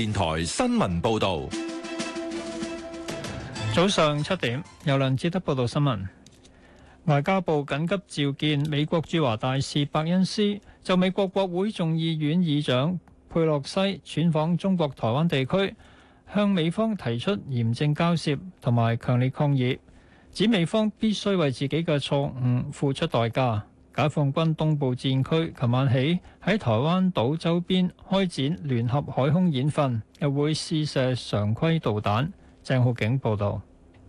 電台新聞報道，早上七點，有梁志德報道新聞。外交部緊急召見美國駐華大使伯恩斯，就美國國會眾議院議長佩洛西竄訪中國台灣地區，向美方提出嚴正交涉，同埋強烈抗議，指美方必須為自己嘅錯誤付出代價。解放軍東部戰區琴晚起喺台灣島周邊開展聯合海空演訓，又會試射常規導彈。鄭浩景報導。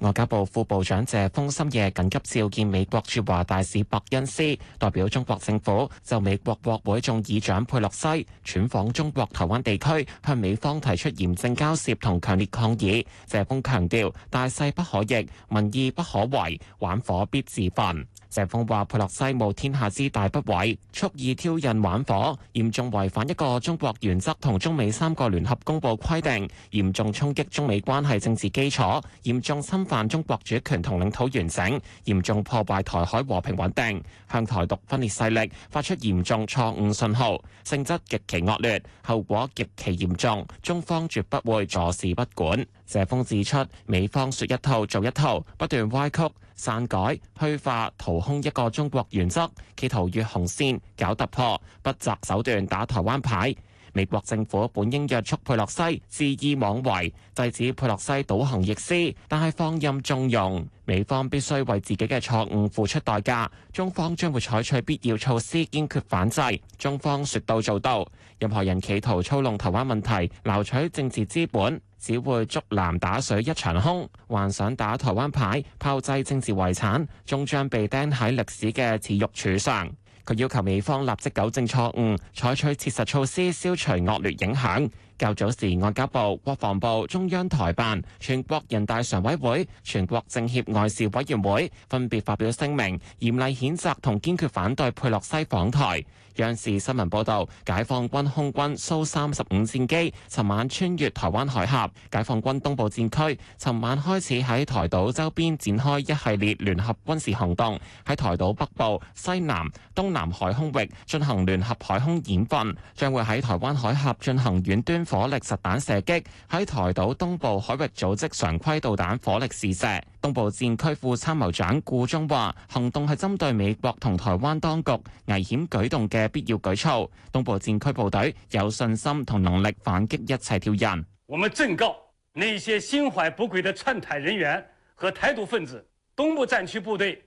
外交部副部長謝峰深夜緊急召見美國駐華大使伯恩斯，代表中國政府就美國國會眾議長佩洛西竄訪中國台灣地區，向美方提出嚴正交涉同強烈抗議。謝峰強調：大勢不可逆，民意不可違，玩火必自焚。謝鋒話：佩洛西冒天下之大不韙，蓄意挑釁玩火，嚴重違反一個中國原則同中美三個聯合公佈規定，嚴重衝擊中美關係政治基礎，嚴重侵犯中國主權同領土完整，嚴重破壞台海和平穩定，向台獨分裂勢力發出嚴重錯誤信號，性質極其惡劣，後果極其嚴重，中方絕不會坐視不管。謝鋒指出，美方說一套做一套，不斷歪曲、篡改、虛化、掏空一個中國原則，企圖越紅線搞突破，不擇手段打台灣牌。美國政府本應約束佩洛西、肆意妄為、制止佩洛西倒行逆施，但係放任縱容，美方必須為自己嘅錯誤付出代價。中方將會採取必要措施，堅決反制。中方説到做到，任何人企圖操弄台灣問題、撈取政治資本，只會竹籃打水一場空，幻想打台灣牌、炮製政治遺產，終將被釘喺歷史嘅恥辱柱上。佢要求美方立即糾正錯誤，採取切實措施消除惡劣影響。較早時，外交部、國防部、中央台辦、全國人大常委會、全國政協外事委員會分別發表聲明，嚴厲譴責同堅決反對佩洛西訪台。央視新聞報道，解放軍空軍蘇三十五戰機尋晚穿越台灣海峽。解放軍東部戰區尋晚開始喺台島周邊展開一系列聯合軍事行動，喺台島北部、西南、東南海空域進行聯合海空演訓，將會喺台灣海峽進行遠端。火力實彈射擊，喺台島東部海域組織常規導彈火力試射，射。東部戰區副參謀長顧忠話：行動係針對美國同台灣當局危險舉動嘅必要舉措。東部戰區部隊有信心同能力反擊一切挑釁。我們正告那些心懷不軌的竄台人員和台獨分子，東部戰區部隊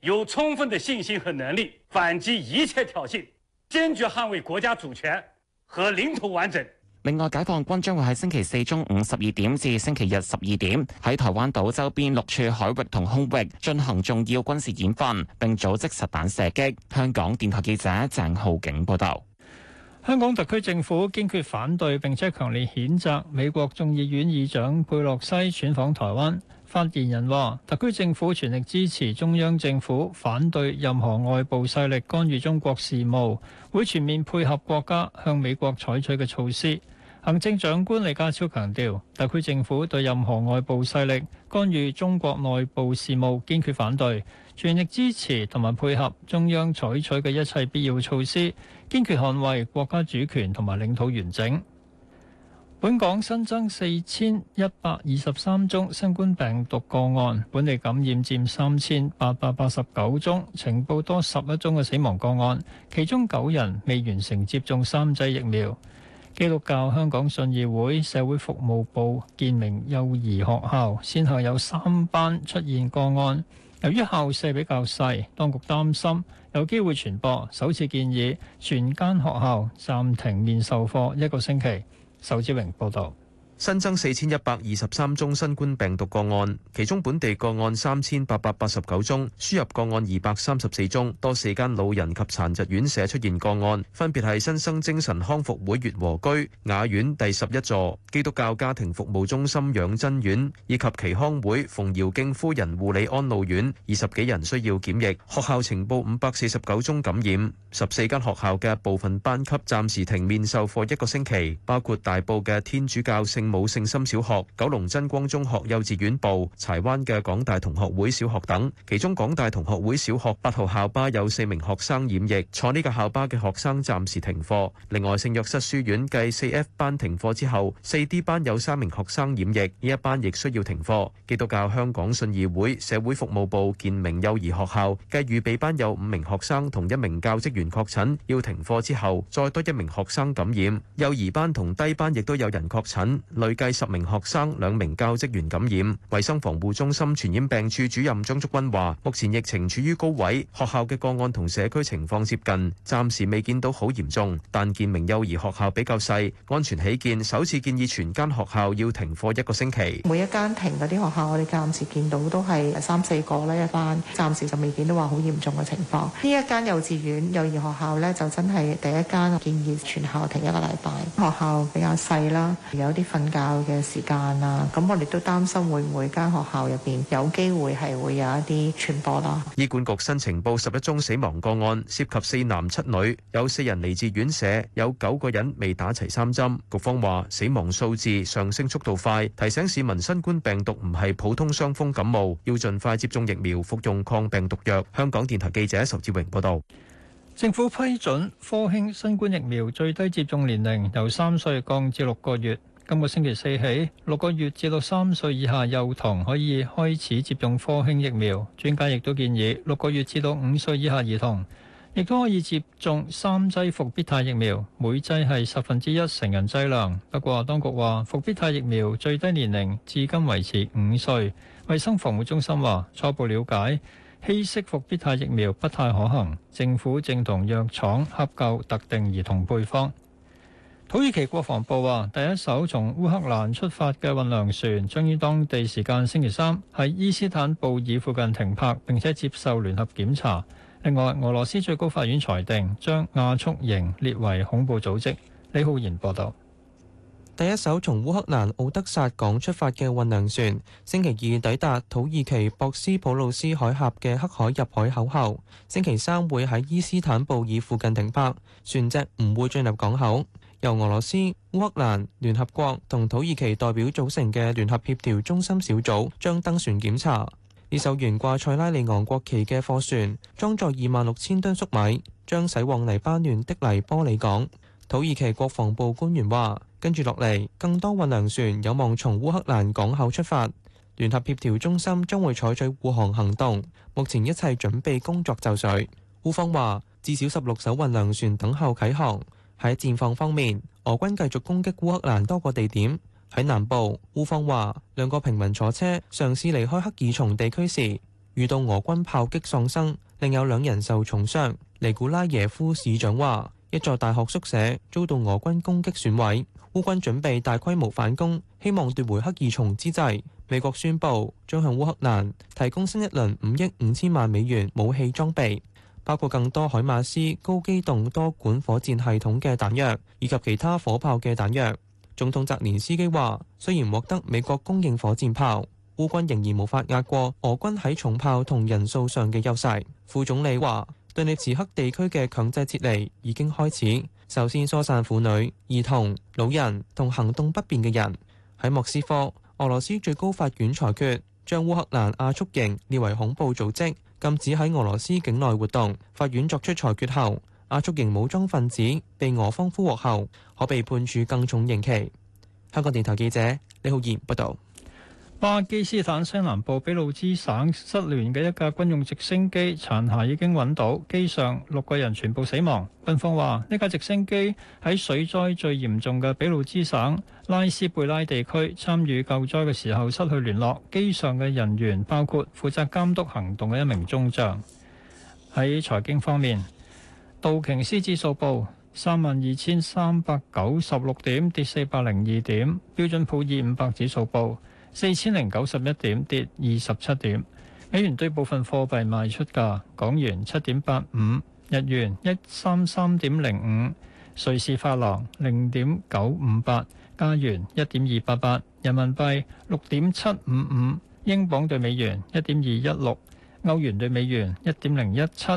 有充分的信心和能力反擊一切挑釁，堅決捍衛國家主權和領土完整。另外，解放軍將會喺星期四中午十二點至星期日十二點喺台灣島周邊六處海域同空域進行重要軍事演訓，並組織實彈射擊。香港電台記者鄭浩景報道。香港特區政府堅決反對並且強烈譴責美國眾議院議長佩洛西竄訪台灣。發言人話特區政府全力支持中央政府反對任何外部勢力干預中國事務，會全面配合國家向美國採取嘅措施。行政長官李家超強調，特區政府對任何外部勢力干預中國內部事務堅決反對，全力支持同埋配合中央採取嘅一切必要措施，堅決捍衞國家主權同埋領土完整。本港新增四千一百二十三宗新冠病毒個案，本地感染佔三千八百八十九宗，呈報多十一宗嘅死亡個案，其中九人未完成接種三劑疫苗。基督教香港信義會社會服務部建明幼兒學校，先後有三班出現個案。由於校舍比較細，當局擔心有機會傳播，首次建議全間學校暫停面授課一個星期。仇志榮報導。新增四千一百二十三宗新冠病毒個案，其中本地個案三千八百八十九宗，輸入個案二百三十四宗。多四間老人及殘疾院舍出現個案，分別係新生精神康復會悅和居雅苑第十一座、基督教家庭服務中心養真院以及耆康會馮堯敬夫人護理安老院。二十幾人需要檢疫。學校情報五百四十九宗感染，十四間學校嘅部分班級暫時停面授課一個星期，包括大埔嘅天主教聖武聖心小學、九龍真光中學幼稚園部、柴灣嘅港大同學會小學等，其中港大同學會小學八號校巴有四名學生染疫，坐呢個校巴嘅學生暫時停課。另外，聖若瑟書院繼四 F 班停課之後，四 D 班有三名學生染疫，呢一班亦需要停課。基督教香港信義會社會服務部建明幼兒學校繼預備班有五名學生同一名教職員確診要停課之後，再多一名學生感染，幼兒班同低班亦都有人確診。累計十名學生、兩名教職員感染，衛生防護中心傳染病處主任張竹君話，目前疫情處於高位，學校嘅個案同社區情況接近，暫時未見到好嚴重。但見明幼兒學校比較細，安全起見，首次建議全間學校要停課一個星期。每一間停嗰啲學校，我哋暫時見到都係三四個啦一班，暫時就未見到話好嚴重嘅情況。呢一間幼稚園、幼兒學校呢，就真係第一間建議全校停一個禮拜。學校比較細啦，有啲份教嘅時間啦，咁我哋都擔心會唔會間學校入邊有機會係會有一啲傳播啦。醫管局新呈報十一宗死亡個案，涉及四男七女，有四人嚟自院舍，有九個人未打齊三針。局方話死亡數字上升速度快，提醒市民新冠病毒唔係普通傷風感冒，要盡快接種疫苗，服用抗病毒藥。香港電台記者仇志榮報道。政府批准科興新冠疫苗最低接種年齡由三歲降至六個月。今個星期四起，六個月至到三歲以下幼童可以開始接種科興疫苗。專家亦都建議，六個月至到五歲以下兒童亦都可以接種三劑復必泰疫苗，每劑係十分之一成人劑量。不過，當局話復必泰疫苗最低年齡至今維持五歲。衞生防護中心話初步了解稀釋復必泰疫苗不太可行，政府正同藥廠洽購特定兒童配方。土耳其國防部話，第一艘從烏克蘭出發嘅運糧船將於當地時間星期三喺伊斯坦布爾附近停泊，並且接受聯合檢查。另外，俄羅斯最高法院裁定將亞速營列為恐怖組織。李浩然報道，第一艘從烏克蘭敖德薩港出發嘅運糧船，星期二抵達土耳其博斯普魯斯海峽嘅黑海入海口後，星期三會喺伊斯坦布爾附近停泊，船隻唔會進入港口。由俄羅斯、烏克蘭、聯合國同土耳其代表組成嘅聯合協調中心小組將登船檢查。呢艘懸掛塞拉利昂國旗嘅貨船裝載二萬六千噸粟米，將駛往黎巴嫩的黎波里港。土耳其國防部官員話，跟住落嚟，更多運糧船有望從烏克蘭港口出發。聯合協調中心將會採取護航行動。目前一切準備工作就緒。烏方話，至少十六艘運糧船等候啟航。喺戰況方面，俄軍繼續攻擊烏克蘭多個地點。喺南部，烏方話兩個平民坐車嘗試離開赫爾松地區時，遇到俄軍炮擊喪生，另有兩人受重傷。尼古拉耶夫市長話一座大學宿舍遭到俄軍攻擊損毀。烏軍準備大規模反攻，希望奪回赫爾松之際，美國宣布將向烏克蘭提供新一輪五億五千萬美元武器裝備。包括更多海馬斯高機動多管火箭系統嘅彈藥以及其他火炮嘅彈藥，總統澤連斯基話雖然獲得美國供應火箭炮，烏軍仍然無法壓過俄軍喺重炮同人數上嘅優勢，副總理話頓涅茨克地區嘅強制撤離已經開始，首先疏散婦女、兒童、老人同行動不便嘅人。喺莫斯科，俄羅斯最高法院裁決將烏克蘭亞速營列為恐怖組織。禁止喺俄羅斯境內活動。法院作出裁決後，亞速營武裝分子被俄方俘獲後，可被判處更重刑期。香港電台記者李浩然報道。巴基斯坦西南部俾路茲省失聯嘅一架軍用直升機殘骸已經揾到，機上六個人全部死亡。軍方話呢架直升機喺水災最嚴重嘅俾路茲省拉斯貝拉地區參與救災嘅時候失去聯絡，機上嘅人員包括負責監督行動嘅一名中將。喺財經方面，道瓊斯指數報三萬二千三百九十六點，跌四百零二點；標準普爾五百指數報。四千零九十一點，跌二十七點。美元兌部分貨幣賣出價，港元七點八五，日元一三三點零五，瑞士法郎零點九五八，加元一點二八八，人民幣六點七五五，英鎊兌美元一點二一六，歐元兌美元一點零一七，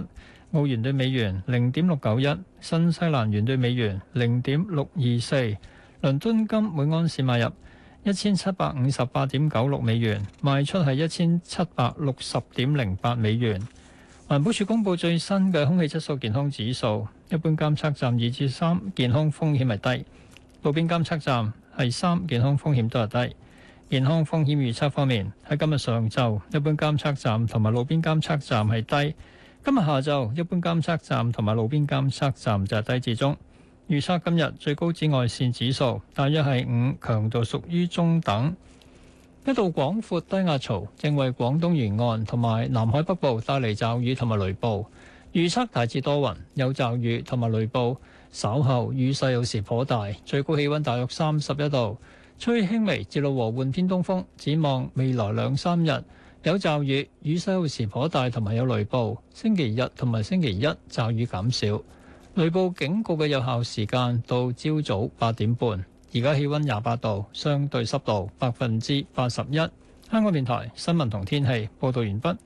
澳元兌美元零點六九一，新西蘭元兌美元零點六二四。倫敦金每安士買入一千七百五十八點九六美元，賣出係一千七百六十點零八美元。環保署公布最新嘅空氣質素健康指數，一般監測站二至三，健康風險係低；路邊監測站係三，健康風險都係低。健康風險預測方面，喺今日上晝，一般監測站同埋路邊監測站係低；今日下晝，一般監測站同埋路邊監測站就係低至中。預測今日最高紫外線指數大約係五，強度屬於中等。一道廣闊低壓槽正為廣東沿岸同埋南海北部帶嚟驟雨同埋雷暴。預測大致多雲，有驟雨同埋雷暴，稍後雨勢有時頗大，最高氣温大約三十一度，吹輕微至到和緩偏東風。展望未來兩三日有驟雨，雨勢有時頗大，同埋有雷暴。星期日同埋星期一驟雨減少。雷暴警告嘅有效時間到朝早八點半。而家氣温廿八度，相對濕度百分之八十一。香港電台新聞同天氣報道完畢。